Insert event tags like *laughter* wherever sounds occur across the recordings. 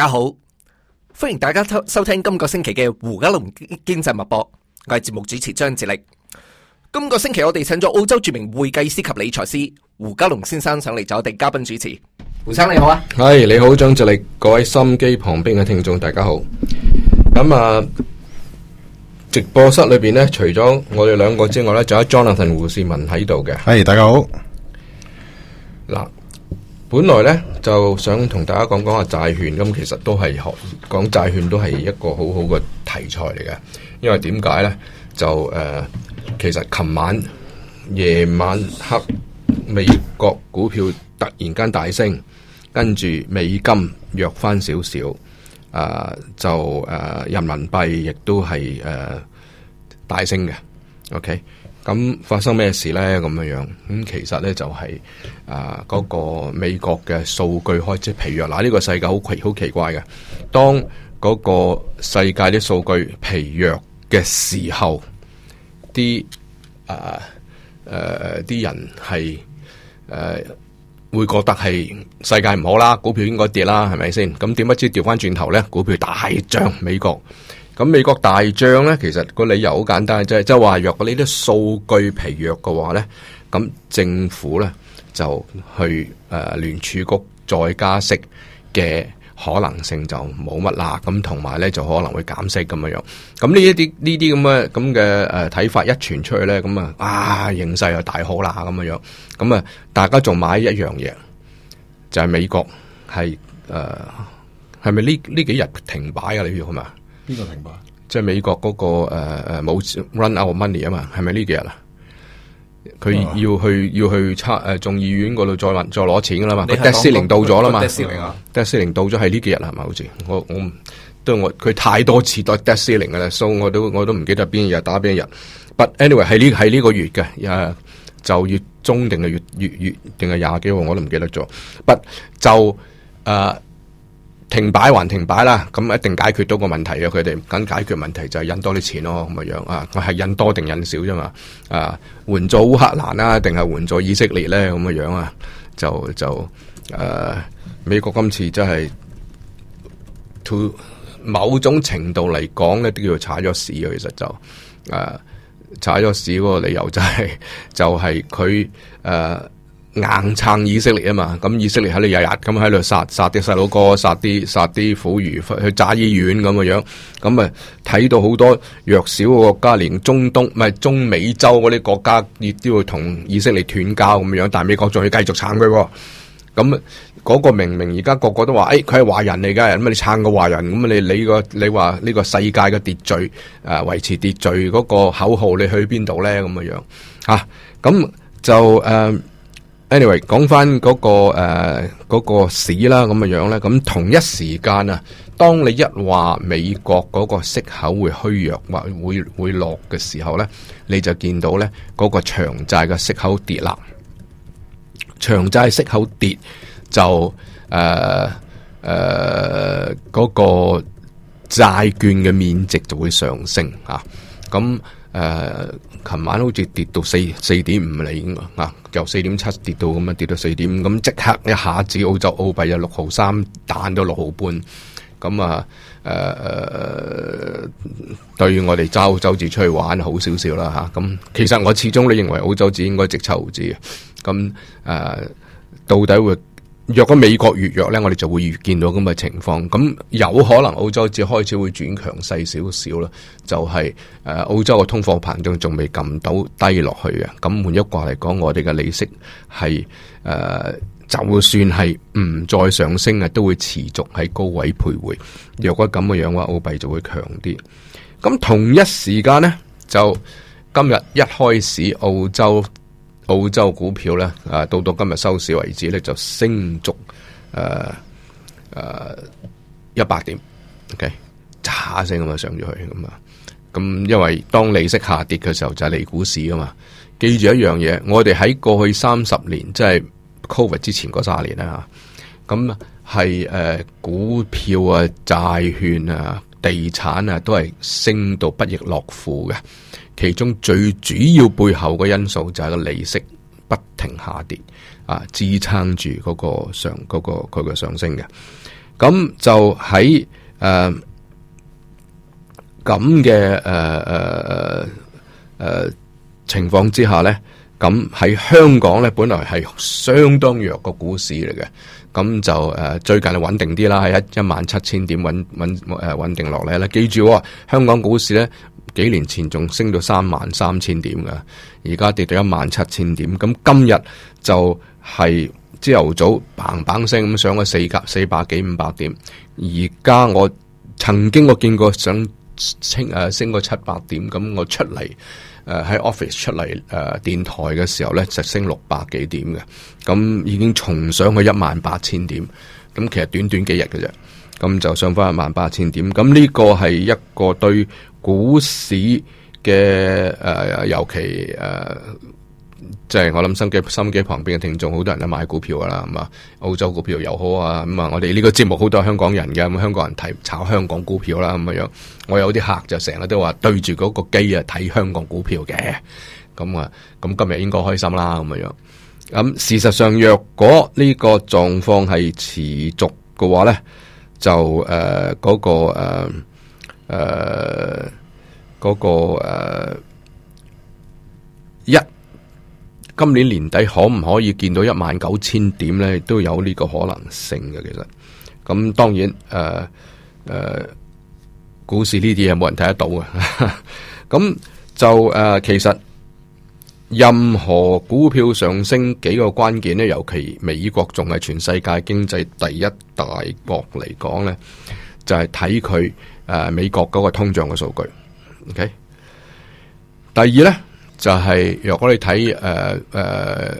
大家好，歡迎大家收收聽今個星期嘅胡嘉龍經濟脈搏，我係節目主持張智力。今個星期我哋請咗澳洲著名會計師及理財師胡嘉龍先生上嚟做我哋嘉賓主持。胡生你好啊，係、hey, 你好張智力，各位心機旁邊嘅聽眾大家好。咁啊，直播室裏邊呢，除咗我哋兩個之外呢，仲有 Jonathan 胡善文喺度嘅。係、hey, 大家好。嗱。本來呢，就想同大家講講下債券，咁其實都係學講債券都係一個好好嘅題材嚟嘅。因為點解呢？就誒、呃，其實琴晚夜晚黑，美國股票突然間大升，跟住美金弱翻少少，就誒、呃、人民幣亦都係誒大升嘅。OK。咁發生咩事呢？咁樣樣咁，其實呢就係啊，嗰個美國嘅數據開始疲弱。嗱，呢個世界好奇好奇怪嘅。當嗰個世界啲數據疲弱嘅時候，啲啊誒啲人係誒、呃、會覺得係世界唔好啦，股票應該跌啦，係咪先？咁點不知調翻轉頭呢？股票大漲，美國。咁美國大漲咧，其實個理由好簡單，就係即係話，若果呢啲數據疲弱嘅話咧，咁政府咧就去誒、呃、聯儲局再加息嘅可能性就冇乜啦。咁同埋咧就可能會減息咁樣樣。咁呢一啲呢啲咁嘅咁嘅誒睇法一傳出去咧，咁啊啊形勢又大好啦咁樣樣。咁啊，大家仲買一樣嘢就係、是、美國係誒係咪呢呢幾日停擺啊？你要係咪？呢個明白，即係美國嗰、那個誒誒冇 run out of money 啊嘛，係咪呢幾日啊？佢要去要去測誒眾議院嗰度再問再攞錢噶啦嘛 debt ceiling 到咗啦嘛 debt ceiling 啊 debt ceiling 到咗係呢幾日係嘛？好似我我都我佢太多次都到 debt ceiling 噶啦，所以我都我都唔記得邊日打邊日。But anyway 係呢係呢個月嘅，啊就月中定係月月月定係廿幾號我都唔記得咗。But 就誒。呃停擺還停擺啦，咁一定解決到個問題啊！佢哋唔咁解決問題就係印多啲錢咯，咁嘅樣啊，佢係印多定印少啫嘛，啊，援助烏克蘭啊，定係援助以色列咧，咁嘅樣啊，就就誒、啊，美國今次真係 t 某種程度嚟講咧，都叫做踩咗屎啊！其實就誒，踩咗屎嗰個理由就係、是、就係佢誒。啊硬撐以色列啊嘛，咁以色列喺度日日咁喺度殺殺啲細佬哥，殺啲殺啲婦孺，去炸醫院咁嘅樣，咁啊睇到好多弱小嘅國家，連中東唔係中美洲嗰啲國家亦都要同以色列斷交咁嘅樣，但係美國仲要繼續撐佢喎。咁嗰、那個明明而家個個都話，誒佢係華人嚟嘅，咁你撐個華人，咁你你個你話呢個世界嘅秩序，誒、呃、維持秩序嗰個口號你去邊度咧？咁嘅樣吓，咁、啊、就誒。呃 Anyway，講翻嗰個誒、呃那個市啦，咁嘅樣咧，咁同一時間啊，當你一話美國嗰個息口會虛弱或會會落嘅時候咧，你就見到咧嗰、那個長債嘅息口跌啦，長債息口跌就誒誒嗰個債券嘅面值就會上升吓，咁、啊。誒，琴、呃、晚好似跌到四四點五厘，啊，由四點七跌到咁啊，跌到四點五，咁即刻一下子澳洲澳幣啊六毫三彈到六毫半，咁啊誒、啊啊，對於我哋揸澳洲紙出去玩好少少啦嚇。咁、啊、其實我始終都認為澳洲紙應該值七毫紙嘅，咁、啊、誒，到底會？若果美國越弱呢，我哋就會預見到咁嘅情況。咁有可能澳洲只開始會轉強勢少少啦，就係、是、誒、呃、澳洲嘅通貨膨脹仲未撳到低落去啊。咁換一卦嚟講，我哋嘅利息係誒、呃，就算係唔再上升啊，都會持續喺高位徘徊。若果咁嘅樣話，澳幣就會強啲。咁同一時間呢，就今日一開始澳洲。澳洲股票咧，啊，到到今日收市為止咧就升足，誒誒一百點，OK，喳聲咁啊上咗去咁啊，咁、嗯、因為當利息下跌嘅時候就係利股市啊嘛，記住一樣嘢，我哋喺過去三十年即係 COVID 之前嗰卅年啦，咁係誒股票啊、債券啊、地產啊都係升到不亦樂乎嘅。其中最主要背後嘅因素就係個利息不停下跌，啊支撐住嗰個上、嗰個佢嘅上升嘅。咁就喺誒咁嘅誒誒誒情況之下咧，咁喺香港咧本來係相當弱個股市嚟嘅，咁就誒、呃、最近係穩定啲啦，喺一一萬七千點穩穩誒穩定落嚟啦。記住、哦，香港股市咧。幾年前仲升到三萬三千點嘅，而家跌到一萬七千點。咁今日就係朝頭早砰砰聲咁上咗四百四百幾五百點。而家我曾經我見過想清誒升過七百點。咁我出嚟誒喺、啊、Office 出嚟誒、啊、電台嘅時候呢，就升六百幾點嘅。咁已經重上去一萬八千點。咁其實短短幾日嘅啫，咁就上翻一萬八千點。咁呢個係一個對。股市嘅誒、呃，尤其誒、呃，即係我諗心機心機旁邊嘅聽眾好多人都買股票噶啦，咁、嗯、啊，澳洲股票又好啊，咁、嗯、啊，我哋呢個節目好多香港人嘅，咁、嗯、香港人睇炒香港股票啦，咁樣樣，我有啲客就成日都話對住嗰個機啊睇香港股票嘅，咁、嗯、啊，咁、嗯、今日應該開心啦，咁樣樣，咁、嗯、事實上若果呢個狀況係持續嘅話咧，就誒、呃嗰個。個、呃誒，uh, 嗰個誒一，uh, yeah, 今年年底可唔可以見到一萬九千點咧？都有呢個可能性嘅。其實，咁當然誒誒，uh, uh, 股市呢啲嘢冇人睇得到嘅。咁 *laughs* 就誒，uh, 其實任何股票上升幾個關鍵咧，尤其美國仲係全世界經濟第一大國嚟講咧，就係睇佢。誒、啊，美國嗰個通脹嘅數據，OK。第二咧就係，如果你睇誒誒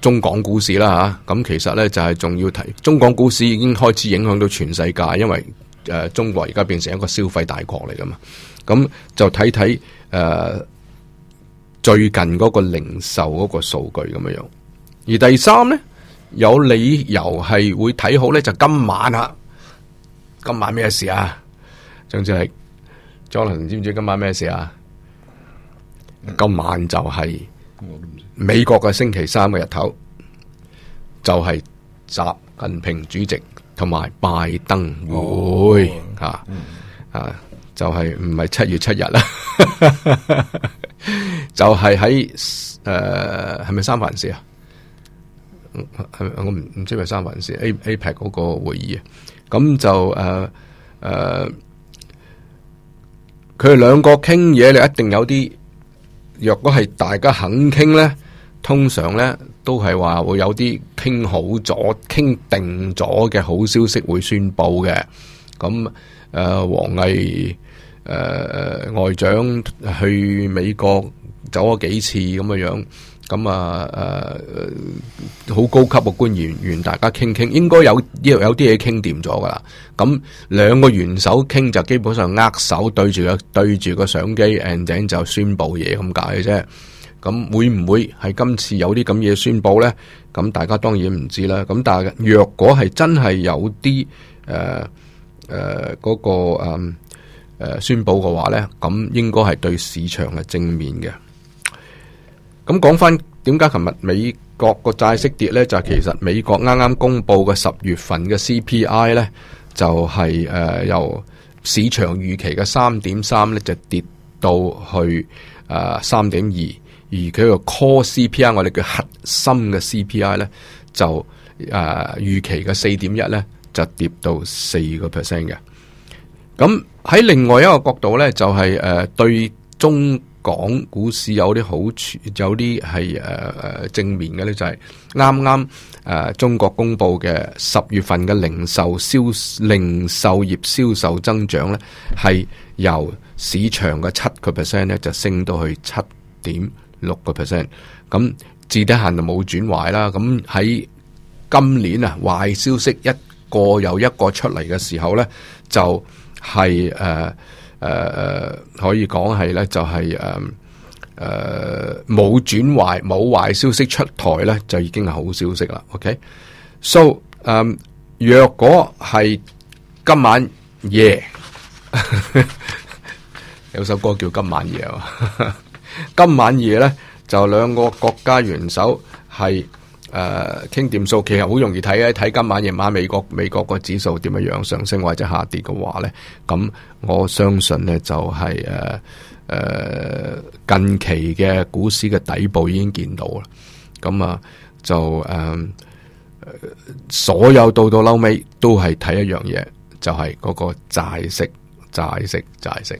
中港股市啦，吓，咁、啊、其實咧就係、是、仲要提中港股市已經開始影響到全世界，因為誒、呃、中國而家變成一個消費大國嚟,噶嘛，咁、啊、就睇睇誒最近嗰個零售嗰個數據咁樣樣。而第三咧有理由係會睇好咧，就是、今晚吓、啊，今晚咩事啊？張志 j o 系 n 麟，Jonathan，知唔知今晚咩事啊？今晚就係美國嘅星期三嘅日頭，就係、是、習近平主席同埋拜登會、哦哦、啊、嗯、啊！就係唔係七月七日啦， *laughs* 就係喺誒係咪三藩市啊？係我唔唔知係咪三藩市 APEC 嗰個會議啊？咁就誒誒。呃呃佢哋兩個傾嘢，你一定有啲。若果係大家肯傾呢，通常呢都係話會有啲傾好咗、傾定咗嘅好消息會宣佈嘅。咁，誒、呃，王毅誒、呃、外長去美國走咗幾次咁嘅樣。咁啊，誒、啊，好高級嘅官員與大家傾傾，應該有呢有啲嘢傾掂咗噶啦。咁兩個元首傾就基本上握手對住個對住個相機，然後就宣佈嘢咁解嘅啫。咁會唔會係今次有啲咁嘢宣佈呢？咁大家當然唔知啦。咁但係若果係真係有啲誒誒嗰個、呃呃、宣佈嘅話呢，咁應該係對市場係正面嘅。咁講翻點解琴日美國個債息跌呢，就係、其實美國啱啱公布嘅十月份嘅 CPI 呢，就係、係、誒、呃、由市場預期嘅三點三呢，就跌到去誒三點二，呃、2，而佢個 core CPI 我哋叫核心嘅 CPI 呢，就誒、呃、預期嘅四點一呢，就跌到四個 percent 嘅。咁喺另外一個角度呢，就係、係、誒、呃、對中。講股市有啲好處，有啲係誒誒正面嘅咧、就是，就係啱啱誒中國公布嘅十月份嘅零售銷零售業銷售增長咧，係由市場嘅七個 percent 咧，就升到去七點六個 percent。咁至低限度就冇轉壞啦。咁喺今年啊，壞消息一個又一個出嚟嘅時候咧，就係、是、誒。呃誒誒，uh, 可以講係咧，就係誒誒冇轉壞冇壞消息出台咧，就已經係好消息啦。OK，so、okay? 誒、um, 若果係今晚夜 *laughs* 有首歌叫《今晚夜》， *laughs* 《今晚夜》咧就兩個國家元首係。誒，傾掂數其實好容易睇啊！睇今晚夜晚美國美國個指數點樣樣上升或者下跌嘅話呢，咁我相信呢就係誒誒近期嘅股市嘅底部已經見到啦。咁啊就誒、uh, 所有到到嬲尾都係睇一樣嘢，就係、是、嗰個債息、債息、債息。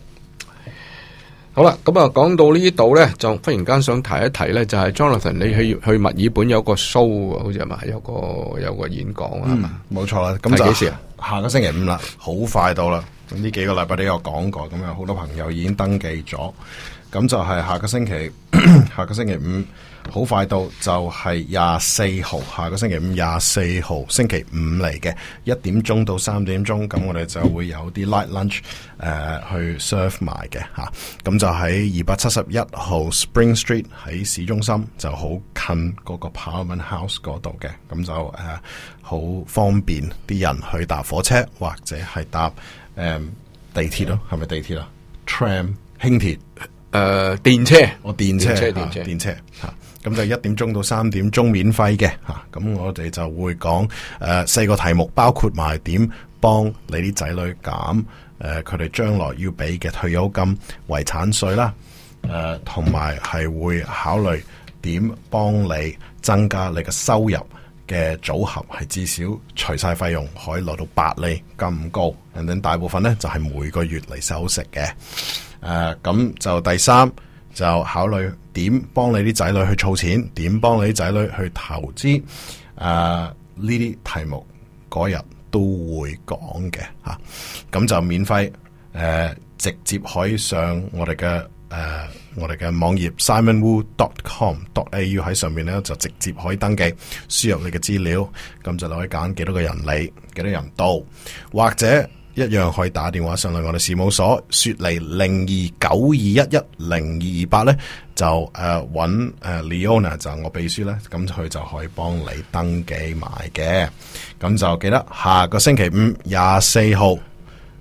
好啦，咁啊，講到呢度呢，就忽然間想提一提呢，就係、是、Jonathan，你去去墨爾本有個 show 啊，好似係咪有個有個演講啊？冇錯、嗯、啦，咁幾時啊？下個星期五啦，好快到啦。呢幾個禮拜都有講過，咁有好多朋友已經登記咗，咁就係下個星期， *coughs* 下個星期五。好快到就係廿四號，下個星期五廿四號星期五嚟嘅，一點鐘到三點鐘，咁我哋就會有啲 light lunch，誒、呃、去 serve 埋嘅吓，咁、啊、就喺二百七十一號 Spring Street 喺市中心就好近嗰個 Parliament House 嗰度嘅，咁就誒好、啊、方便啲人去搭火車或者係搭誒地鐵咯，係咪 Yeah. 地鐵啦？Tram 輕鐵，誒鐵、uh, 電車，我電車，電車，電車，吓、啊。車咁就一點鐘到三點鐘免費嘅嚇，咁、啊、我哋就會講誒四、呃、個題目，包括埋點幫你啲仔女減誒佢哋將來要俾嘅退休金遺產稅啦，誒同埋係會考慮點幫你增加你嘅收入嘅組合，係至少除晒費用可以攞到百厘咁高，等等大部分咧就係、是、每個月嚟收息嘅，誒、啊、咁就第三。就考慮點幫你啲仔女去儲錢，點幫你啲仔女去投資？誒呢啲題目嗰日都會講嘅嚇，咁、啊、就免費誒、呃，直接可以上我哋嘅誒我哋嘅網頁 SimonWu.com.au dot 喺上面咧就直接可以登記，輸入你嘅資料，咁就可以揀幾多個人嚟，幾多人到，或者。一樣可以打電話上嚟我哋事務所，雪梨零二九二一一零二二八咧，就誒揾誒 Leona 就我秘書咧，咁佢就可以幫你登記埋嘅。咁就記得下個星期五廿四號，誒、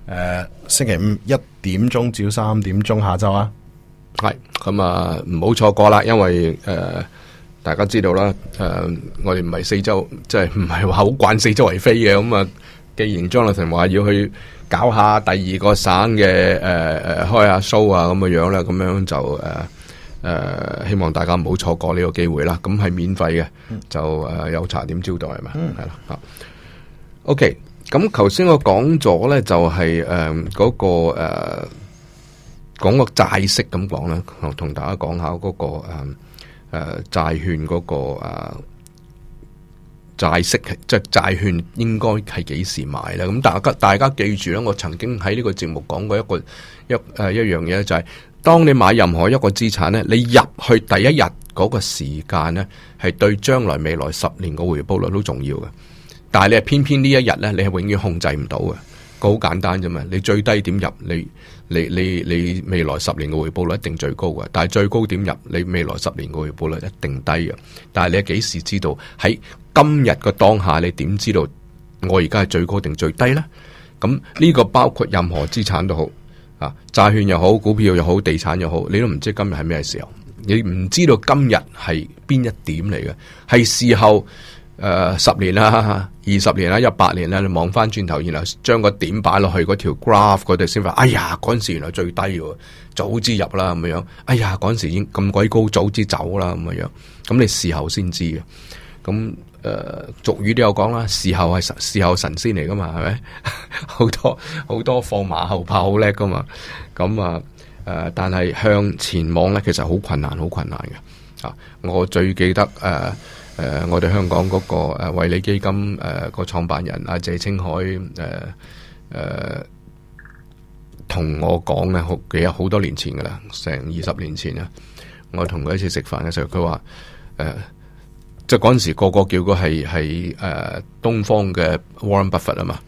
呃、星期五一點鐘至到三點鐘下晝啊，係咁啊，唔好錯過啦，因為誒、呃、大家知道啦，誒、呃、我哋唔係四周，即係唔係話好慣四周圍飛嘅咁啊。既然張立成話要去搞下第二個省嘅，誒誒開下 show 啊咁嘅樣啦，咁樣就誒誒、呃、希望大家唔好錯過呢個機會啦。咁係免費嘅，就誒有茶點招待係嘛，係啦吓。OK，咁頭先我講咗咧就係誒嗰個誒、呃、講個債息咁講啦，同同大家講下嗰、那個誒誒、呃、債券嗰、那個啊。呃債息即係債券應該係幾時買咧？咁大家大家記住咧，我曾經喺呢個節目講過一個一誒、呃、一樣嘢就係、是、當你買任何一個資產咧，你入去第一日嗰個時間咧，係對將來未來十年個回報率都重要嘅。但係你係偏偏呢一日咧，你係永遠控制唔到嘅。好簡單啫嘛，你最低點入你。你你你未來十年嘅回報率一定最高嘅，但係最高點入，你未來十年嘅回報率一定低嘅。但係你幾時知道喺今日嘅當下，你點知道我而家係最高定最低呢？咁呢個包括任何資產都好啊，債券又好，股票又好，地產又好，你都唔知今日係咩時候，你唔知道今日係邊一點嚟嘅，係事後。誒、uh、十年啦，二十年啦，一百年啦，你望翻轉頭，然後將個點擺落去嗰條 graph 嗰度先話，哎呀，嗰陣時原來最低喎，早知入啦咁樣。哎呀，嗰陣時已經咁鬼高，早知走啦咁樣。咁你事後先知嘅，咁誒、呃、俗語都有講啦，事後係事後神仙嚟噶嘛，係咪？好 *laughs* 多好多放馬後炮好叻噶嘛，咁啊誒，但係向前望咧，其實好困難，好困難嘅。啊，我最記得誒。呃誒、呃，我哋香港嗰個誒惠理基金誒個創辦人阿謝清海誒誒同我講咧，好幾有好多年前噶啦，成二十年前啊。我同佢一次食飯嘅時候，佢話誒，即係嗰陣時個個叫佢係係誒東方嘅 Warren Buffett 啊嘛。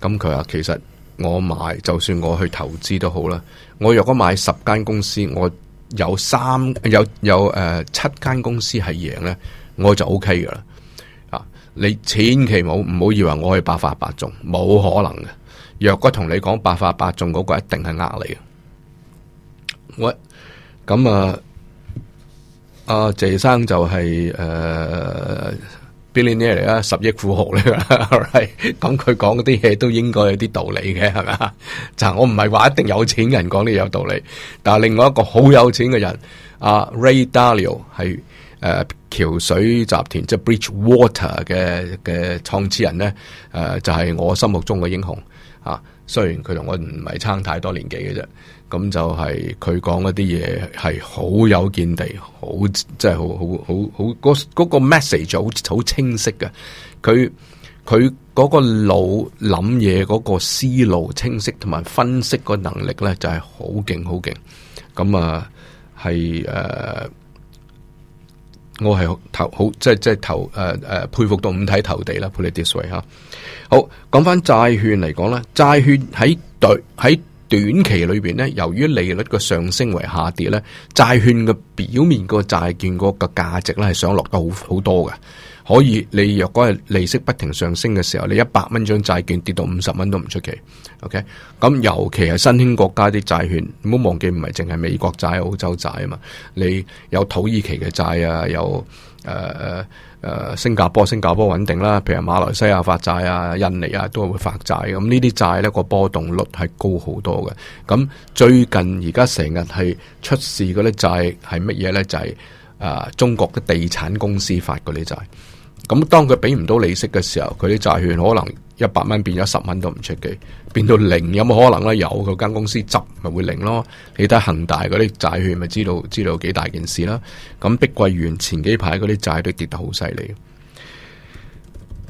咁佢話其實我買就算我去投資都好啦，我若果買十間公司，我有三有有誒、呃、七間公司係贏咧。我就 O K 噶啦，啊！你千祈冇唔好以為我可以百發百中，冇可能嘅。若果同你講百發百中嗰個，一定係呃你嘅。我咁啊，阿、啊、謝生就係、是、誒、呃、Billionaire 嚟啊，十億富豪嚟噶，係咁佢講嗰啲嘢都應該有啲道理嘅，係咪？就 *laughs* 我唔係話一定有錢人講啲有道理，但係另外一個好有錢嘅人，阿、啊、Ray Dalio 係誒。呃橋水集團即係 Bridge Water 嘅嘅創始人咧，誒、呃，就係、是、我心目中嘅英雄啊！雖然佢同我唔係差太多年紀嘅啫，咁就係佢講一啲嘢係好有見地，好即係好好好好嗰嗰個 message 好好清晰嘅。佢佢嗰個腦諗嘢嗰個思路清晰，同埋分析個能力咧就係好勁好勁。咁啊係誒。我係投好即係即係投誒誒、呃呃、佩服到五體投地啦，put it this way。好，講翻債券嚟講咧，債券喺短喺短期裏邊咧，由於利率嘅上升為下跌咧，債券嘅表面個債券個個價值咧係想落得好好多嘅。可以，你若果係利息不停上升嘅時候，你一百蚊張債券跌到五十蚊都唔出奇。OK，咁尤其係新興國家啲債券，唔好忘記唔係淨係美國債、澳洲債啊嘛，你有土耳其嘅債啊，有誒誒、呃呃、新加坡、新加坡穩定啦，譬如馬來西亞發債啊、印尼啊都會發債咁，呢、嗯、啲債呢個波動率係高好多嘅。咁、嗯、最近而家成日係出事嗰啲債係乜嘢呢？就係、是、誒、呃、中國嘅地產公司發嗰啲債。咁當佢俾唔到利息嘅時候，佢啲債券可能一百蚊變咗十蚊都唔出奇。變到零有冇可能咧？有，佢間公司執咪會零咯。你睇恒大嗰啲債券咪知道知道幾大件事啦。咁碧桂園前幾排嗰啲債都跌得好犀利。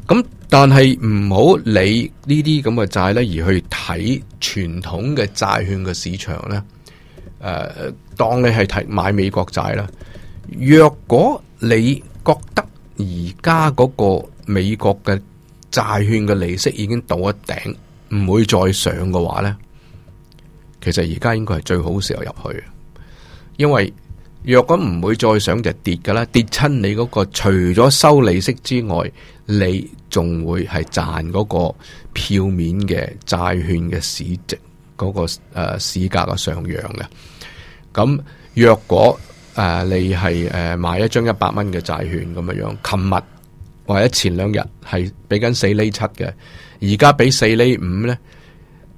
咁但係唔好理呢啲咁嘅債呢，而去睇傳統嘅債券嘅市場呢。誒，呃，當你係睇買美國債啦，若果你覺得。而家嗰個美國嘅債券嘅利息已經到一頂，唔會再上嘅話呢，其實而家應該係最好時候入去，因為若果唔會再上就跌噶啦，跌親你嗰個除咗收利息之外，你仲會係賺嗰個票面嘅債券嘅市值嗰、那個誒、呃、市價嘅上揚嘅，咁若果。誒，uh, 你係誒、uh, 買一張一百蚊嘅債券咁樣樣，琴日或者前兩日係俾緊四厘七嘅，而家俾四厘五咧，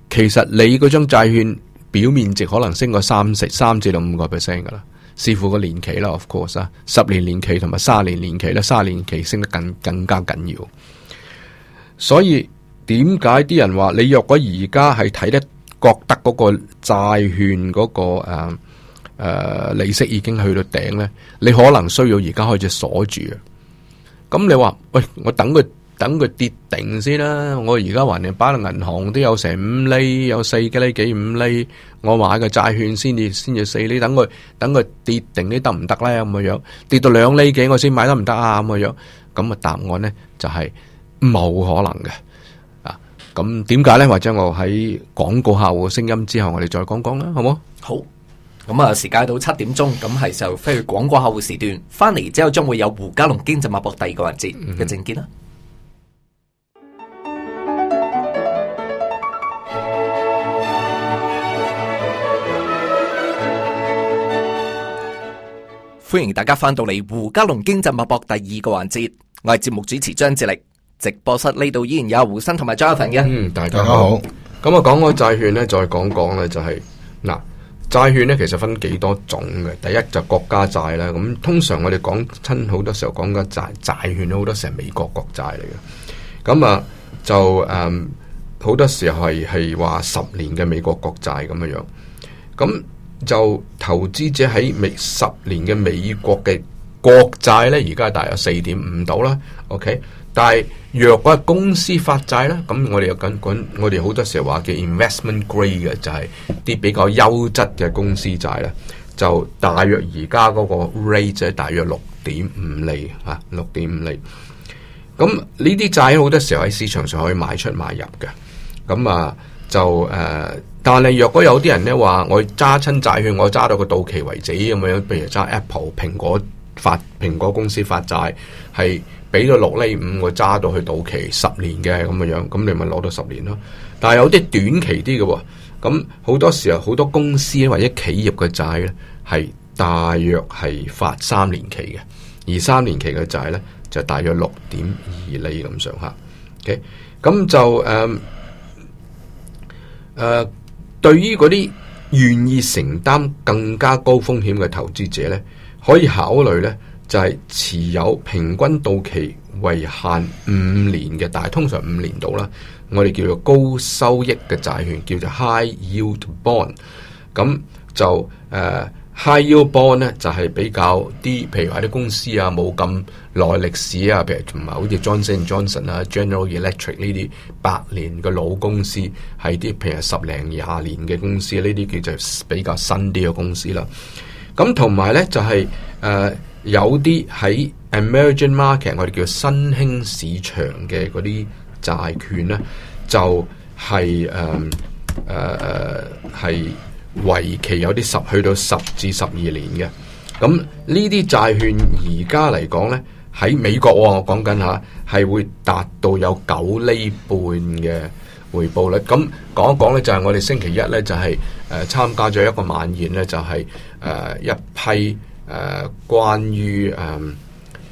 其實你嗰張債券表面值可能升個三成、三至到五個 percent 噶啦，視乎個年期啦，of course 啊，十年年期同埋三十年年期咧，三十年期升得更更加緊要。所以點解啲人話你若果而家係睇得覺得嗰個債券嗰、那個誒？Uh, 誒，利息已經去到頂咧，你可能需要而家開始鎖住。咁你話，喂，我等佢等佢跌定先啦。我而家還定，擺到銀行都有成五厘，有四厘幾五厘。我買嘅債券先至先至四厘，等佢等佢跌定你得唔得咧？咁嘅樣跌到兩厘幾，我先買得唔得啊？咁嘅樣咁啊？答案咧就係冇可能嘅啊。咁點解咧？或者我喺廣告客戶聲音之後，我哋再講講啦，好唔好？好。咁啊、嗯，時間到七點鐘，咁係就飛去廣告客戶時段，翻嚟之後將會有胡家龍經濟脈搏第二個環節，一陣見啦。歡迎大家翻到嚟胡家龍經濟脈搏第二個環節，我係節目主持張志力，直播室呢度依然有胡生同埋 Jonathan 嘅。嗯，大家好。咁啊，講開債券呢，再講講呢就係、是、嗱。債券咧，其實分幾多種嘅？第一就國家債啦。咁通常我哋講親好多時候講緊債債券好多時係美國國債嚟嘅。咁啊就誒好、嗯、多時候係係話十年嘅美國國債咁嘅樣。咁就投資者喺美十年嘅美國嘅國債咧，而家大約四點五度啦。OK。但係若果係公司發債咧，咁我哋又緊管，我哋好多時候話叫 investment grade 嘅，就係啲比較優質嘅公司債咧，就大約而家嗰個 rate 咧，大約六點五厘。嚇、啊，六點五厘，咁呢啲債好多時候喺市場上可以賣出買入嘅。咁啊，就誒、呃，但係若果有啲人呢話，我揸親債券，我揸到個到期為止咁樣，譬如揸 Apple 蘋果發蘋果公司發債係。俾到六厘五，我揸到去到期十年嘅咁嘅樣，咁你咪攞到十年咯。但係有啲短期啲嘅，哦，咁好多時候好多公司或者企業嘅債呢，係大約係發三年期嘅，而三年期嘅債呢，就大約六點二厘咁上下。o、okay? 咁就誒誒，呃呃，對於嗰啲願意承擔更加高風險嘅投資者呢，可以考慮呢。就係持有平均到期為限五年嘅，但係通常五年度啦。我哋叫做高收益嘅債券，叫做 high yield bond。咁就誒 high yield bond 咧，就係、是、比較啲，譬如話啲公司啊，冇咁耐歷史啊，譬如同埋好似 Johnson & Johnson 啊、General Electric 呢啲百年嘅老公司，係啲譬如十零廿年嘅公司，呢啲叫做比較新啲嘅公司啦。咁同埋咧就係、是、誒。Uh, 有啲喺 emerging market，我哋叫新興市場嘅嗰啲債券呢，就係誒誒係為期有啲十去到十至十二年嘅。咁呢啲債券而家嚟講呢喺美國、哦、我講緊吓，係會達到有九厘半嘅回報率。咁講一講呢就係、是、我哋星期一呢，就係、是、誒、呃、參加咗一個晚宴呢就係、是、誒、呃、一批。誒、呃，關於誒誒、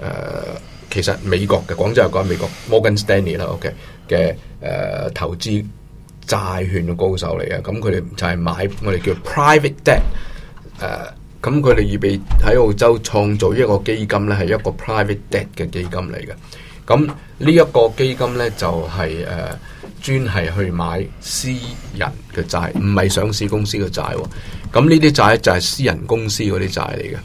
呃，其實美國嘅，廣州又講美國 Morgan Stanley 啦，OK 嘅誒、呃，投資債券嘅高手嚟嘅，咁佢哋就係買我哋叫 private debt，誒、呃，咁佢哋預備喺澳洲創造一個基金咧，係一個 private debt 嘅基金嚟嘅，咁呢一個基金咧就係、是、誒、呃、專係去買私人嘅債，唔係上市公司嘅債喎，咁呢啲債咧就係私人公司嗰啲債嚟嘅。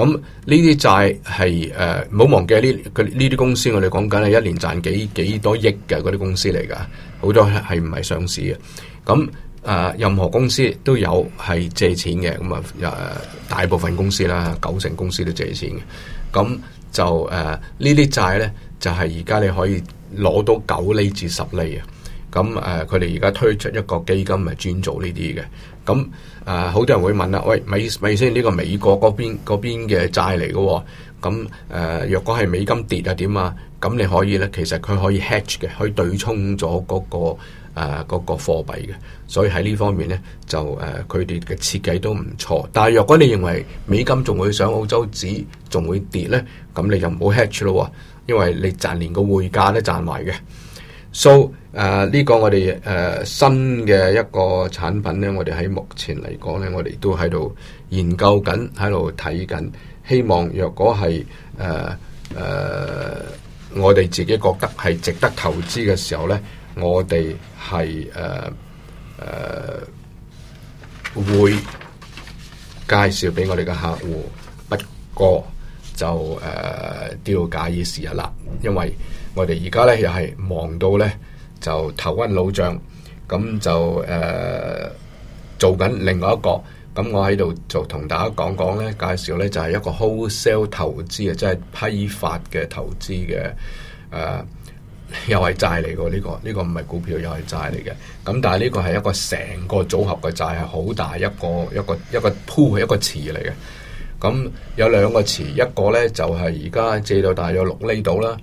咁呢啲債係誒，呃、唔好忘記呢佢呢啲公司，我哋講緊係一年賺幾幾多億嘅嗰啲公司嚟㗎，好多係唔係上市嘅。咁、嗯、誒、呃，任何公司都有係借錢嘅，咁啊誒，大部分公司啦，九成公司都借錢嘅。咁就誒呢啲債咧，就係而家你可以攞到九厘至十厘。啊、嗯。咁、呃、誒，佢哋而家推出一個基金，係專做呢啲嘅。咁誒，好、呃、多人會問啦，喂，咪咪先呢個美國嗰邊嘅債嚟嘅喎，咁誒、呃，若果係美金跌啊點啊，咁你可以呢，其實佢可以 hedge 嘅，可以對沖咗嗰個誒嗰、呃嗰個貨幣嘅，所以喺呢方面呢，就誒佢哋嘅設計都唔錯。但係若果你認為美金仲會上澳洲紙仲會跌呢，咁你就唔好 hedge 咯、哦，因為你賺連個匯價都賺埋嘅。So，誒、uh, 呢個我哋誒、uh, 新嘅一個產品咧，我哋喺目前嚟講咧，我哋都喺度研究緊，喺度睇緊，希望若果係誒誒我哋自己覺得係值得投資嘅時候咧，我哋係誒誒會介紹俾我哋嘅客戶，不過。就誒、呃、都要假以時日啦，因為我哋而家咧又係忙到咧就頭昏腦脹，咁就誒、呃、做緊另外一個，咁我喺度就同大家講講咧，介紹咧就係、是、一個 wholesale 投資啊，即、就、係、是、批發嘅投資嘅誒、呃，又係債嚟嘅呢個，呢、這個唔係股票，又係債嚟嘅，咁但係呢個係一個成個組合嘅債，係好大一個一個一個 pool 一個詞嚟嘅。咁有兩個詞，一個咧就係而家借到大約六厘度啦，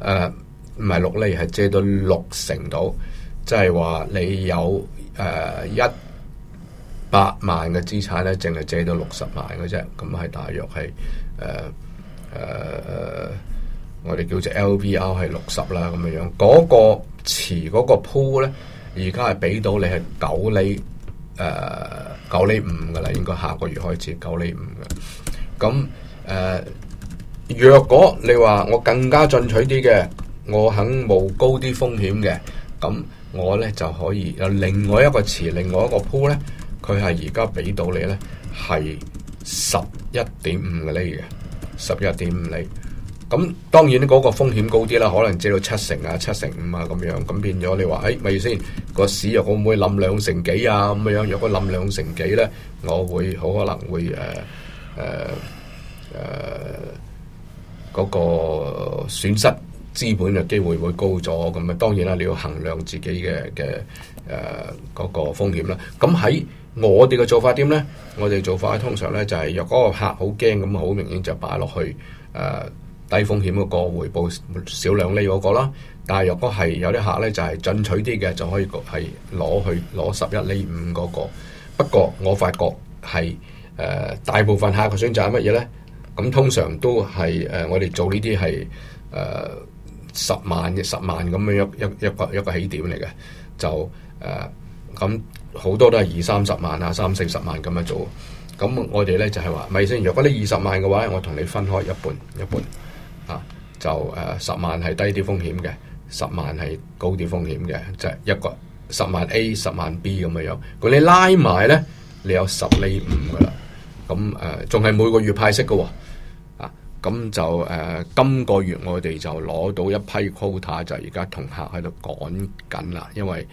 誒唔係六厘，係借到六成度，即係話你有誒一百萬嘅資產咧，淨係借到六十萬嘅啫，咁係大約係誒誒我哋叫做 LVR 係六十啦咁嘅樣，嗰、嗰個詞嗰個 pool 咧，而家係俾到你係九厘誒九、呃、厘五嘅啦，應該下個月開始九厘五嘅。咁誒、呃，若果你話我更加進取啲嘅，我肯冒高啲風險嘅，咁我呢就可以有另外一個詞，另外一個鋪呢，佢係而家俾到你呢，係十一點五厘嘅，十一點五厘。咁當然嗰個風險高啲啦，可能借到七成啊、七成五啊咁樣，咁變咗你話誒，咪、哎、先、個市又會唔會冧兩成幾啊咁樣？如果冧兩成幾呢，我會好可能會誒。呃誒誒，嗰、呃呃那個損失資本嘅機會會高咗，咁啊當然啦，你要衡量自己嘅嘅誒嗰個風險啦。咁喺我哋嘅做法點咧？我哋做法通常咧就係、是、若果個客好驚咁，好明顯就擺落去誒、呃、低風險嗰、那個回報少兩厘嗰個啦。但係若果係有啲客咧就係、是、進取啲嘅，就可以係攞去攞十一厘五嗰、那個。不過我發覺係。誒、呃、大部分客戶嘅選擇係乜嘢咧？咁、嗯、通常都係誒、呃，我哋做呢啲係誒十萬、十萬咁樣一一一個一個起點嚟嘅，就誒咁好多都係二三十萬啊，三四十萬咁樣做。咁、嗯、我哋咧就係、是、話，咪先，如果你二十萬嘅話，我同你分開一半一半啊，就誒十萬係低啲風險嘅，十萬係高啲風險嘅，就係、是、一個十萬 A 十萬 B 咁嘅樣。咁你拉埋咧，你有十厘五噶啦。咁誒，仲係、呃、每個月派息嘅喎、哦，啊，咁就誒、呃，今個月我哋就攞到一批 quota，就而家同客喺度趕緊啦，因為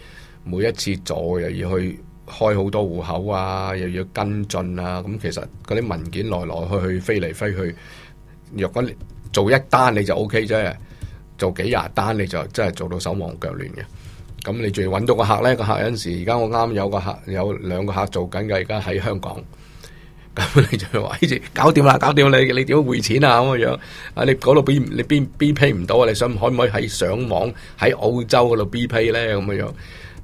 每一次做又要去開好多戶口啊，又要跟進啊，咁、啊、其實嗰啲文件來來去去飛嚟飛去，若果你做一單你就 OK 啫，做幾廿單你就真係做到手忙腳亂嘅。咁你仲要揾到個客咧，個客有時而家我啱有個客有兩個客做緊嘅，而家喺香港。咁你就話，跟住 *laughs* 搞掂啦，搞掂你你點匯錢啊？咁嘅樣，啊，你嗰度 B 你 B B pay 唔到啊？你想可唔可以喺上網喺澳洲嗰度 B pay 呢？咁嘅樣，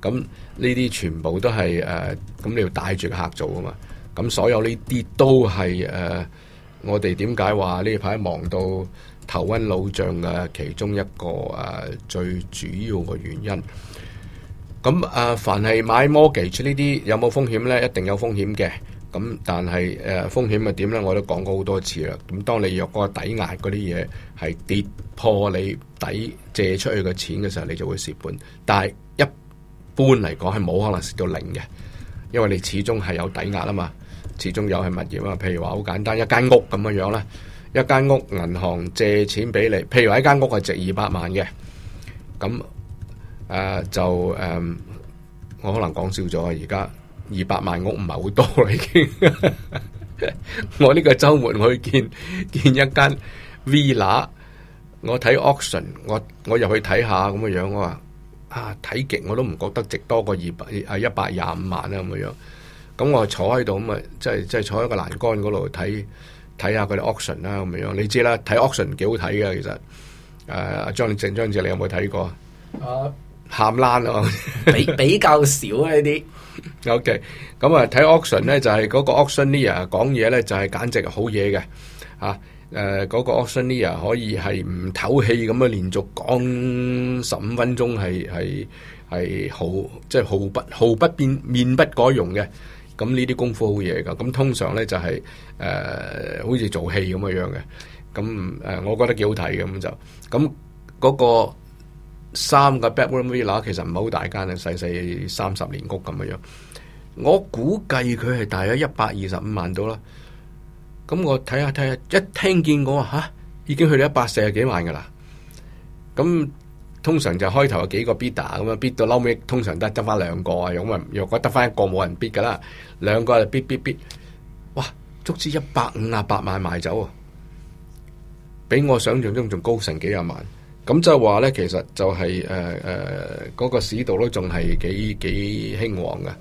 咁呢啲全部都係誒，咁、啊、你要帶住客做啊嘛。咁、啊、所有呢啲都係誒、啊，我哋點解話呢排忙到頭昏腦脹嘅其中一個誒、啊、最主要嘅原因。咁誒、啊，凡係買 mortgage 呢啲有冇風險呢？一定有風險嘅。咁但係誒風險係點咧？我都講過好多次啦。咁當你若個抵押嗰啲嘢係跌破你抵借出去嘅錢嘅時候，你就會蝕本。但係一般嚟講係冇可能蝕到零嘅，因為你始終係有抵押啊嘛，始終有係物業啊嘛。譬如話好簡單，一間屋咁嘅樣啦，一間屋銀行借錢俾你，譬如話一間屋係值二百萬嘅，咁誒、呃、就誒、呃，我可能講少咗而家。二百萬屋唔係好多啦，已經。我呢個週末我去見見一間 villa，我睇 auction，我我入去睇下咁嘅樣，我話啊，睇極我都唔覺得值多過二百啊，一百廿五萬啦咁嘅樣。咁我、即係即係、坐喺度咁啊，即係即係坐喺個欄杆嗰度睇睇下佢哋 auction 啦咁嘅樣。你知啦，睇 auction 幾好睇㗎其實。誒、啊，張正張姐你有冇睇過啊？喊爛咯， *laughs* 比比較少呢啲。O.K. 咁啊，睇、 *laughs* okay, 嗯、auction 咧就係嗰個 auctioneer 講嘢咧就係簡直好嘢嘅。吓、啊，誒、呃，嗰、那個 auctioneer 可以係唔唞氣咁樣連續講十五分鐘係係係好即係毫不毫不變面不改容嘅。咁呢啲功夫好嘢噶。咁、嗯、通常咧就係、是、誒、呃、好似做戲咁嘅樣嘅。咁、嗯、誒、呃，我覺得幾好睇嘅咁就咁嗰、嗯那個。三個 Backroom Villa 其實唔係好大間啊，細細三十年谷咁樣。我估計佢係大約一百二十五萬到啦。咁我睇下睇下，一聽見我吓、啊，已經去到一百四十幾萬噶啦。咁通常就開頭有幾個 bidder 咁樣 bid 到後尾，通常都係得翻兩個啊。若果若果得翻一個冇人 bid 噶啦，兩個就 bid bid bid，哇！足之一百五啊八萬賣走啊，比我想象中仲高成幾啊萬。咁就話呢，其實就係誒誒，嗰、呃呃，嗰個市道都仲係幾幾興旺噶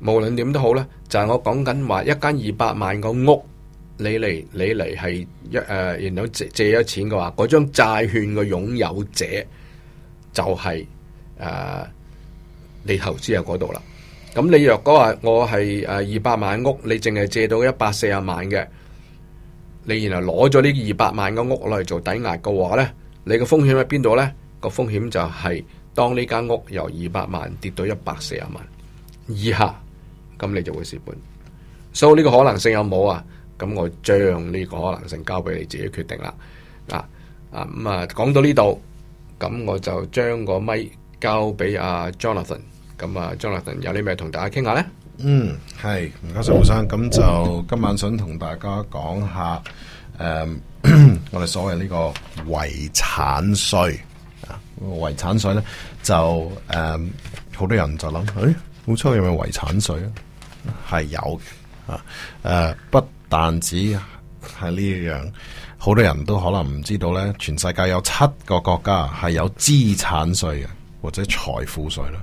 不，無論點都好咧，就係，我講緊話，一間二百萬個屋，你嚟，你嚟係一誒、呃，然後借咗錢嘅話，嗰張債券嘅擁有者就係、係、誒、呃、你投資喺嗰度啦。咁你若果話我係誒二百萬屋，你淨係借到一百四十萬嘅，你然後攞咗呢二百萬嘅屋嚟做抵押嘅話呢。你嘅風險喺邊度呢？個風險就係當呢間屋由二百萬跌到一百四十萬以下，咁你就會蝕本。所以呢個可能性有冇啊？咁我將呢個可能性交俾你自己決定啦。啊啊咁啊，講、啊、到呢度，咁我就將個咪交俾阿、啊、Jonathan、啊。咁啊，Jonathan 有啲咩同大家傾下呢？嗯，係唔該，胡嘉龍生。咁就今晚想同大家講下。誒、um, *coughs* 我哋所謂呢個遺產稅啊，遺產稅咧就誒，好、啊、多人就諗，誒、哎，澳洲有冇遺產稅啊？係有嘅啊，誒，不但止係呢樣，好多人都可能唔知道呢，全世界有七個國家係有資產稅嘅，或者財富稅啦。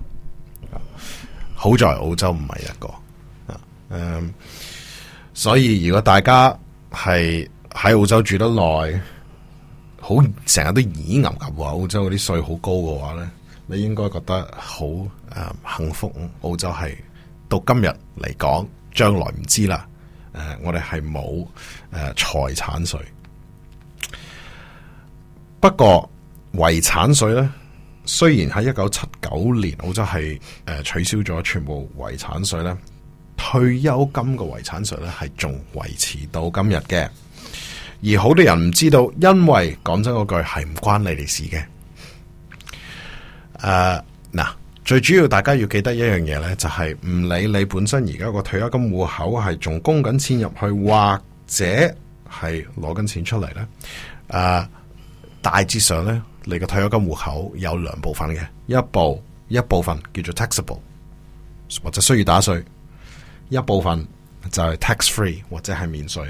好在澳洲唔係一個啊，啊，所以如果大家係。喺澳洲住得耐，好成日都耳揬揾話澳洲嗰啲稅好高嘅話呢，你應該覺得好、呃、幸福。澳洲係到今日嚟講，將來唔知啦、呃。我哋係冇誒財產稅，不過遺產稅呢，雖然喺一九七九年澳洲係誒、呃、取消咗全部遺產稅呢，退休金嘅遺產稅呢係仲維持到今日嘅。而好多人唔知道，因為講真嗰句係唔關你哋事嘅。誒，嗱，最主要大家要記得一樣嘢呢，就係唔理你本身而家個退休金戶口係仲供緊錢入去，或者係攞緊錢出嚟咧。誒、uh，大致上呢，你個退休金戶口有兩部分嘅，一部一部分叫做 taxable，或者需要打稅；一部分就係 tax-free 或者係免稅。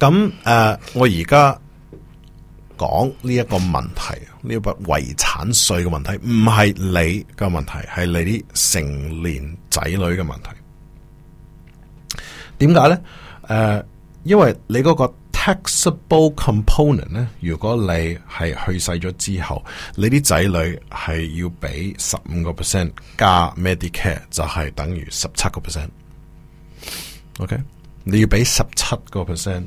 咁誒、嗯，我而家講呢一個問題，呢筆遺產稅嘅問題，唔係你嘅問題，係你啲成年仔女嘅問題。點解呢？誒、嗯，因為你嗰個 taxable component 呢，如果你係去世咗之後，你啲仔女係要俾十五個 percent 加 Medicare 就係等於十七個 percent。OK，你要俾十七個 percent。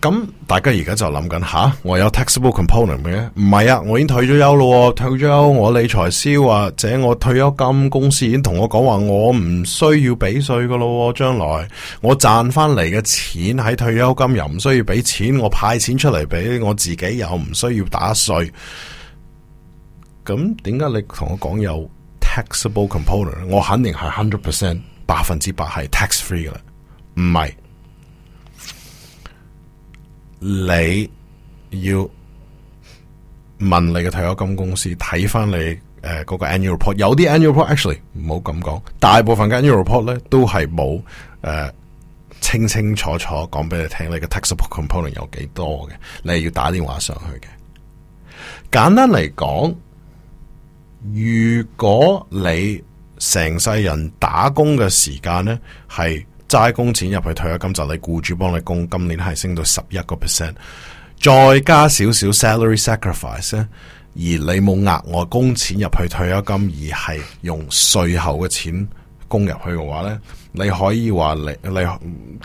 咁大家而家就諗緊吓，我有 taxable component 嘅？唔係啊，我已經退咗休咯，退咗休，我理財師或者我退休金公司已經同我講話，我唔需要俾稅噶咯。將來我賺翻嚟嘅錢喺退休金又唔需要俾錢，我派錢出嚟俾我自己又唔需要打稅。咁點解你同我講有 taxable component？我肯定係 hundred percent 百分之百係 tax free 噶啦，唔係。你要問你嘅退休金公司睇翻你誒嗰、呃那個 annual report，有啲 annual report actually 唔好咁講，大部分嘅 annual report 咧都係冇誒清清楚楚講俾你聽你嘅 taxable component 有幾多嘅，你，你係要打電話上去嘅。簡單嚟講，如果你成世人打工嘅時間咧係。齋供錢入去退休金，就你雇主幫你供，今年係升到十一個 percent，再加少少 salary sacrifice 咧，而你冇額外供錢入去退休金，而係用稅後嘅錢供入去嘅話咧，你可以話你你，你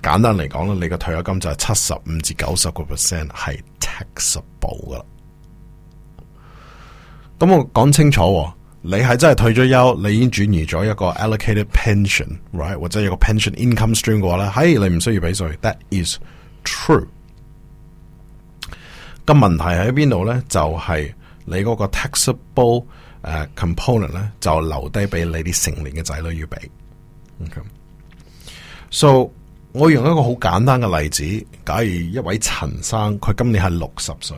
簡單嚟講咧，你嘅退休金就係七十五至九十個 percent 係 taxable 噶，咁我講清楚喎、哦。你係真係退咗休，你已經轉移咗一個 allocated pension，right，或者有個 pension income stream 嘅話咧，嘿，你唔需要俾稅。That is true。個問題喺邊度咧？就係、是、你嗰個 taxable 誒、uh, component 咧，就留低俾你啲成年嘅仔女要俾。o、okay. k so 我用一個好簡單嘅例子，假如一位陳生，佢今年係六十歲。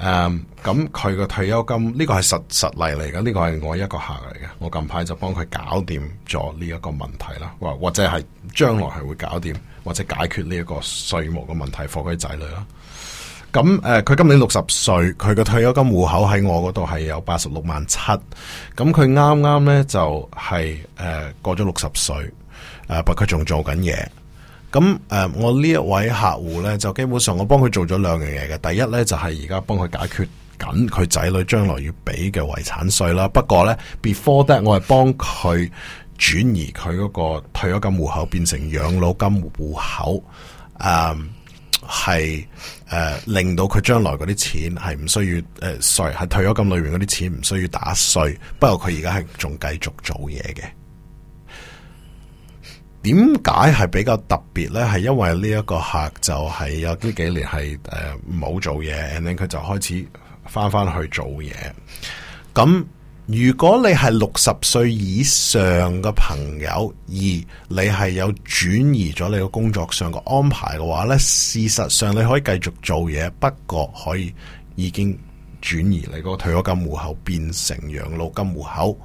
誒，咁佢個退休金呢，這個係實實例嚟嘅，呢，這個係我一個客嚟嘅，我近排就幫佢搞掂咗呢一個問題啦，或或者係將來係會搞掂或者解決呢一個稅務嘅問題，放佢仔女啦。咁、呃、誒，佢今年六十歲，佢嘅退休金戶口喺我嗰度係有八十六萬七，咁佢啱啱呢就係、是、誒、呃、過咗六十歲，誒不過佢仲做緊嘢。咁誒，我呢一位客戶咧，就基本上我幫佢做咗兩樣嘢嘅。第一咧，就係而家幫佢解決緊佢仔女將來要俾嘅遺產稅啦。不過咧，before that 我係幫佢轉移佢嗰個退休金戶口變成養老金戶口。誒、嗯，係誒、呃、令到佢將來嗰啲錢係唔需要誒稅，係、呃、退休金裏面嗰啲錢唔需要打稅。不過佢而家係仲繼續做嘢嘅。點解係比較特別呢？係因為呢一個客就係有呢幾，幾年係誒冇做嘢，令佢就開始翻翻去做嘢。咁如果你係六十歲以上嘅朋友，而你係有轉移咗你個工作上嘅安排嘅話呢，事實上你可以繼續做嘢，不過可以已經轉移你嗰個退休金戶口變成養老金戶口，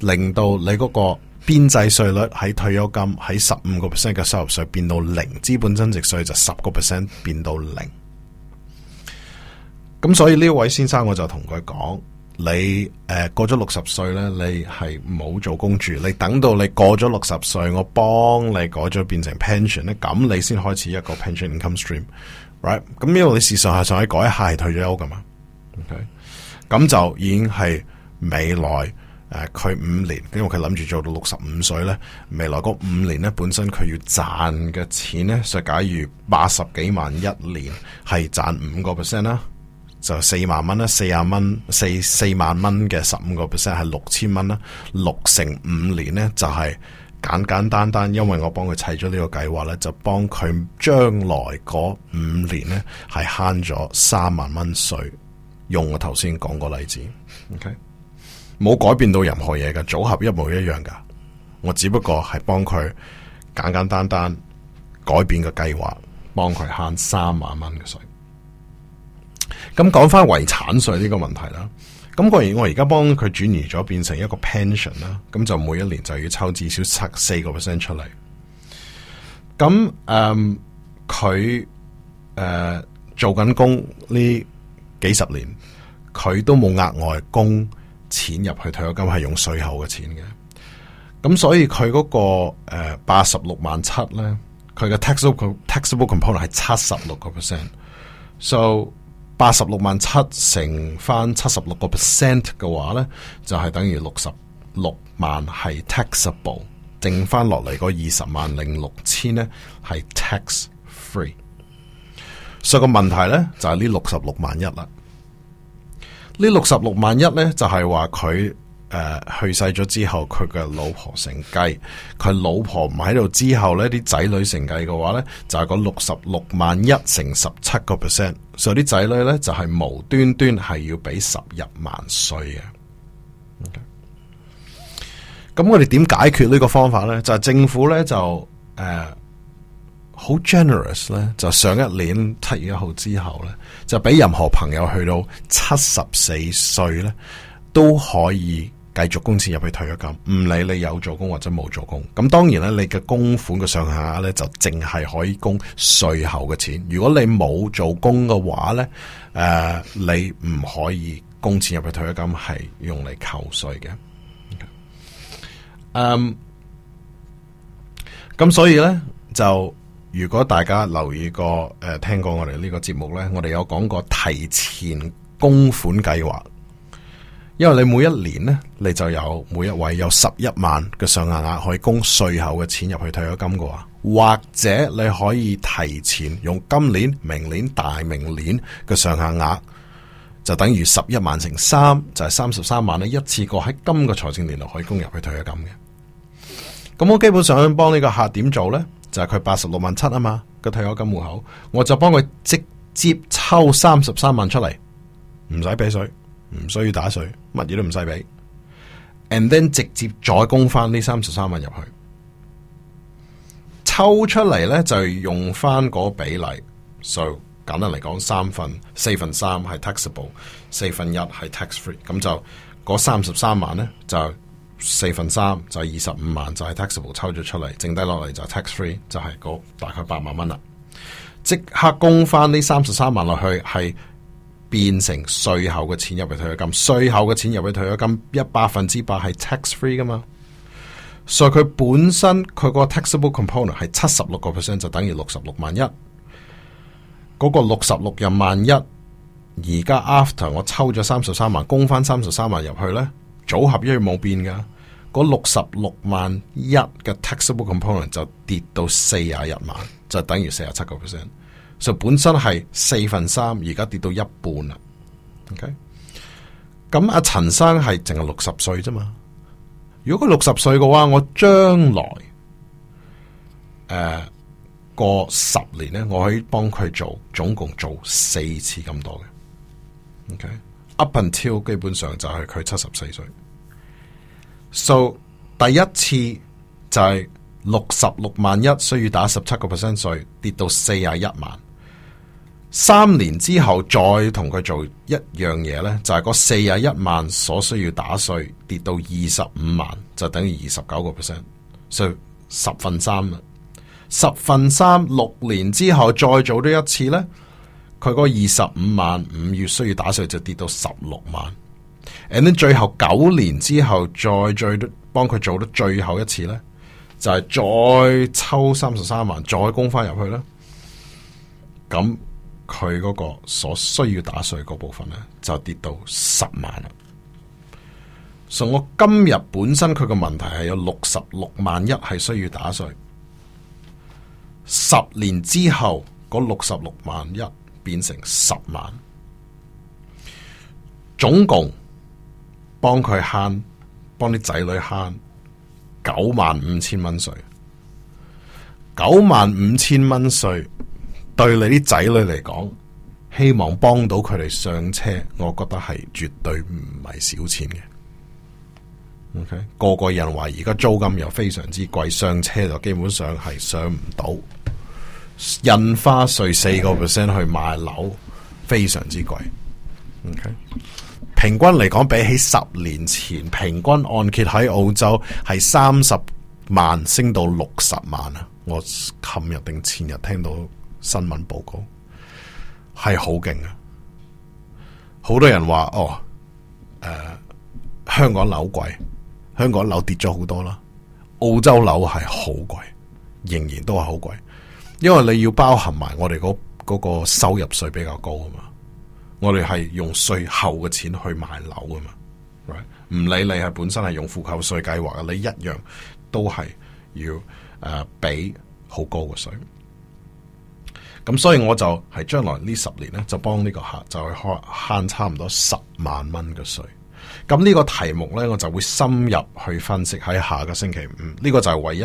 令到你嗰、那個。邊際稅率喺退休金喺十五個 percent 嘅收入稅變到零，資本增值稅就十個 percent 變到零。咁所以呢位先生我就同佢講：你誒、呃、過咗六十歲咧，你係冇做公主。你等到你過咗六十歲，我幫你改咗變成 pension 咧，咁你先開始一個 pension income stream，right？咁呢度，你事實上係想喺改一下係退咗休噶嘛，OK？咁就已經係未來。誒，佢五年，因為佢諗住做到六十五歲咧，未來嗰五年咧，本身佢要賺嘅錢咧，就假如八十幾萬一年，係賺五個 percent 啦，就四萬蚊啦，四萬蚊，四四萬蚊嘅十五個 percent 係六千蚊啦，六成五年咧就係簡簡單單，因為我幫佢砌咗呢個計劃咧，就幫佢將來嗰五年咧係慳咗三萬蚊稅，用我頭先講個例子，OK。冇改變到任何嘢，嘅組合一模一樣噶，我只不過係幫佢簡簡單單改變個計劃，幫佢慳三萬蚊嘅稅。咁講返遺產稅呢個問題啦，咁固然我而家幫佢轉移咗，變成一個 pension 啦，咁就每一年就要抽至少七四個 percent 出嚟。咁誒，佢、嗯、誒、呃、做緊工呢幾十年，佢都冇額外供。錢入去退休金係用稅後嘅錢嘅，咁所以佢嗰個誒八十六萬七咧，佢嘅 taxable taxable component 係七十六個 percent，so 八十六萬七乘翻七十六個 percent 嘅話咧，就係等於六十六萬係 taxable，剩翻落嚟嗰二十萬零六千咧係 tax free，所以個問題咧就係呢六十六萬一啦。呢六十六萬一呢，就係話佢誒去世咗之後，佢嘅老婆承繼，佢老婆唔喺度之後呢，啲仔女承繼嘅話呢，就係嗰六十六萬一乘十七個 percent，所以啲仔女呢，就係、是、無端端係要俾十一萬稅嘅。咁 Okay. 我哋點解決呢個方法呢？就係、是、政府呢，就誒。呃好 generous 咧，就上一年七月一號之後咧，就俾任何朋友去到七十四歲咧，都可以繼續供錢入去退休金，唔理你有做工或者冇做工。咁當然咧，你嘅供款嘅上下咧就淨係可以供稅後嘅錢。如果你冇做工嘅話咧，誒、呃，你唔可以供錢入去退休金係用嚟扣稅嘅。嗯，咁所以咧就。如果大家留意過誒、呃，聽過我哋呢個節目呢，我哋有講過提前供款計劃，因為你每一年呢，你就有每一位有十一萬嘅上限額可以供稅後嘅錢入去退休金嘅話，或者你可以提前用今年、明年、大明年嘅上限額，就等於十一萬乘三，就係三十三萬咧，一次過喺今個財政年度可以供入去退休金嘅。咁我基本上幫呢個客點做呢？就係佢八十六萬七啊嘛，個退休金戶口，我就幫佢直接抽三十三萬出嚟，唔使俾稅，唔需要打稅，乜嘢都唔使俾，and then 直接再供翻呢三十三萬入去，抽出嚟呢就用翻嗰比例，So 簡單嚟講，三分、四分三係 taxable，四分一係 tax free，咁就嗰三十三萬呢，就。四分三就係二十五萬，就係 taxable 抽咗出嚟，剩低落嚟就係 tax free，就係個大概八萬蚊啦。即刻供翻呢三十三萬落去，係變成稅後嘅錢入去退休金，稅後嘅錢入去退休金一百分之百係 tax free 噶嘛。所以佢本身佢個 taxable component 係七十六個 percent，就等於六十六萬一。嗰個六十六又萬一，而家 after 我抽咗三十三萬，供翻三十三萬入去呢。組合一樣冇變噶，嗰六十六萬一嘅 taxable component 就跌到四十一萬，就等於四十七個 percent，就本身係四分三，而家跌到一半啦。OK，咁阿陳生係淨係六十歲啫嘛，如果佢六十歲嘅話，我將來誒、呃、過十年咧，我可以幫佢做總共做四次咁多嘅。OK。up until 基本上就係佢七十四歲 so 第一次就係六十六萬一需要打十七個 percent 稅，跌到四十一萬。三年之後再同佢做一樣嘢呢，就係嗰四十一萬所需要打稅跌到二十五萬，就等於二十九個 percent 所以十分三啦。十分三六年之後再做多一次呢。佢嗰二十五萬五月需要打稅就跌到十六萬，and then, 最後九年之後再最幫佢做到最後一次呢就係、是、再抽三十三萬再供翻入去咧，咁佢嗰個所需要打稅嗰部分呢，就跌到十萬啦。所、so, 以我今日本身佢個問題係有六十六萬一係需要打稅，十年之後嗰六十六萬一。變成十萬，總共幫佢慳，幫啲仔女慳九萬五千蚊稅，九萬五千蚊稅，對你啲仔女嚟講，希望幫到佢哋上車，我覺得係絕對唔係少錢嘅。OK，個個人話而家租金又非常之貴，上車就基本上係上唔到。印花稅四個 percent，去買樓非常之貴。Okay. 平均嚟講，比起十年前，平均按揭喺澳洲係三十萬升到六十萬啊！我琴日定前日聽到新聞報告係好勁啊！好多人話哦、呃，香港樓貴，香港樓跌咗好多啦，澳洲樓係好貴，仍然都係好貴。因為你要包含埋我哋嗰嗰個收入稅比較高啊嘛，我哋係用稅後嘅錢去買樓啊嘛，唔、right? 理你係本身係用負扣稅計劃啊，你一樣都係要誒俾好高嘅稅，咁所以我就係將來呢十年咧，就幫呢個客就去慳差唔多十萬蚊嘅稅。咁呢個題目呢，我就會深入去分析喺下個星期五。呢、這個就係唯一,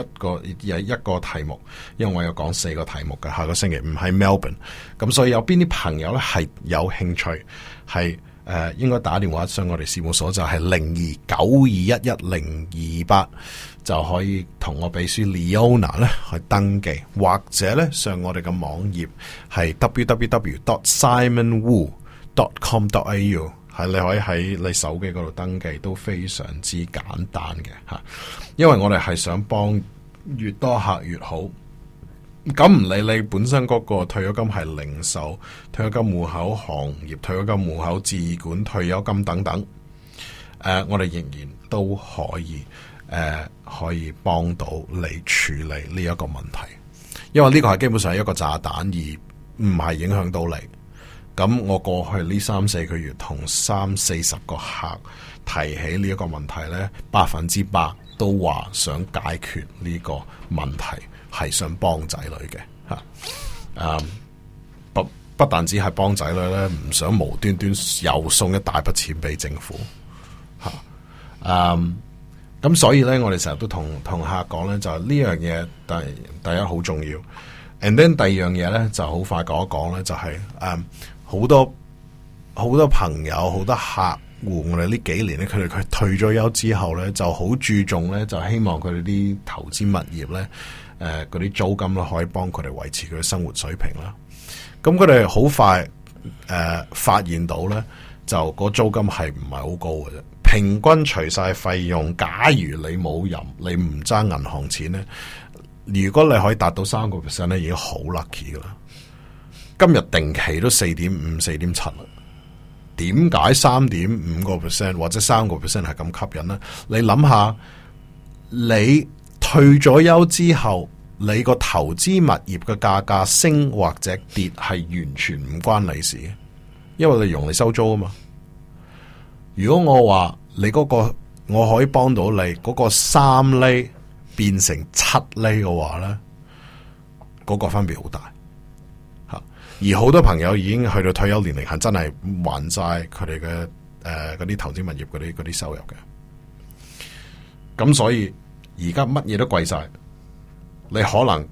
一個一個題目，因為我有講四個題目嘅下個星期五喺 Melbourne。咁、嗯、所以有邊啲朋友呢係有興趣，係誒、呃、應該打電話上我哋事務所就係零二九二一一零二八，就可以同我秘書 Leona 呢去登記，或者呢，上我哋嘅網頁係 www.simonwu.com.au。你可以喺你手機嗰度登記都非常之簡單嘅吓，因為我哋係想幫越多客越好，咁唔理你本身嗰個退休金係零售退休金戶口、行業退休金戶口、自管退休金等等，誒、呃，我哋仍然都可以，誒、呃，可以幫到你處理呢一個問題，因為呢個係基本上係一個炸彈，而唔係影響到你。咁我過去呢三四個月，同三四十個客提起呢一個問題呢，百分之百都話想解決呢個問題，係想幫仔女嘅嚇。嗯、um,，不不但止係幫仔女呢，唔想無端端又送一大筆錢俾政府嚇。嗯，咁、um, 所以呢，我哋成日都同同客講呢，就係呢樣嘢第第一好重要。and then 第二樣嘢呢，就好快講一講呢，就係、是、嗯。Um, 好多好多朋友、好多客戶，我哋呢幾年咧，佢哋佢退咗休之後咧，就好注重咧，就希望佢哋啲投資物業咧，誒嗰啲租金咧，可以幫佢哋維持佢嘅生活水平啦。咁佢哋好快誒、呃、發現到咧，就個租金係唔係好高嘅啫。平均除晒費用，假如你冇人你唔爭銀行錢咧，如果你可以達到三個 percent 咧，已經好 lucky 噶啦。今日定期都四點五、四點七啦，點解三點五個 percent 或者三個 percent 係咁吸引呢？你諗下，你退咗休之後，你個投資物業嘅價格升或者跌係完全唔關你事嘅，因為容你用嚟收租啊嘛。如果我話你嗰，那個我可以幫到你嗰，那個三厘變成七厘嘅話咧，嗰，那個分別好大。而好多朋友已經去到退休年齡，係真係還晒佢哋嘅誒啲投資物業嗰啲啲收入嘅。咁所以而家乜嘢都貴晒，你可能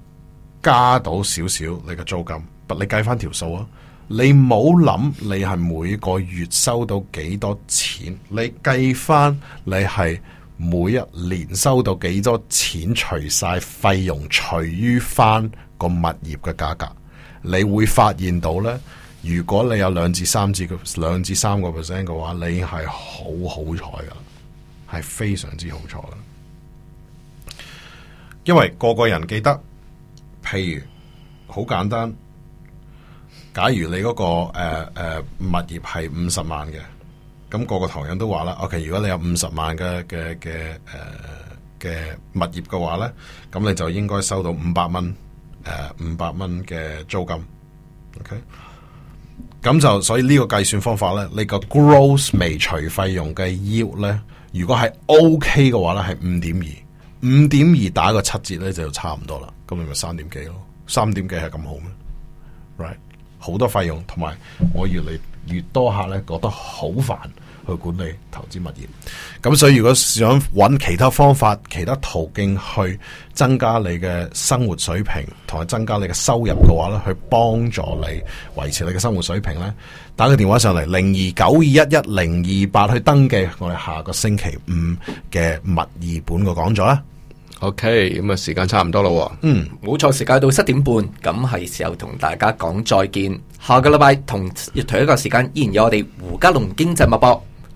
加到少少你嘅租金，但你計翻條數啊！你冇諗你係每個月收到幾多錢，你計翻你係每一年收到幾多錢，除晒費用，除於翻個物業嘅價格。你會發現到咧，如果你有兩至三至個兩至三個 percent 嘅話，你係好好彩噶，係非常之好彩啦。因為個個人記得，譬如好簡單，假如你嗰、那個誒、呃呃、物業係五十萬嘅，咁、那個個唐人都話啦。OK，如果你有五十萬嘅嘅嘅誒嘅物業嘅話咧，咁你就應該收到五百蚊。誒，五百蚊嘅租金，OK，咁就所以呢個計算方法呢，你個 gross 未除費用嘅 yield 呢，如果係 OK 嘅話呢，係五點二，五點二打個七折呢，就差唔多啦，咁你咪三點幾咯，三點幾係咁好咩？Right，好多費用，同埋我越嚟越多客呢，覺得好煩。去管理投資物業，咁所以如果想揾其他方法，其他途徑去增加你嘅生活水平，同埋增加你嘅收入嘅話呢，去幫助你維持你嘅生活水平呢，打個電話上嚟零二九二一一零二八去登記我哋下個星期五嘅物業本個講座啦。OK，咁啊時間差唔多啦，嗯冇錯，時間到七點半，咁係時候同大家講再見。下個禮拜同要同一個時間，依然有我哋胡嘉龍經濟脈搏。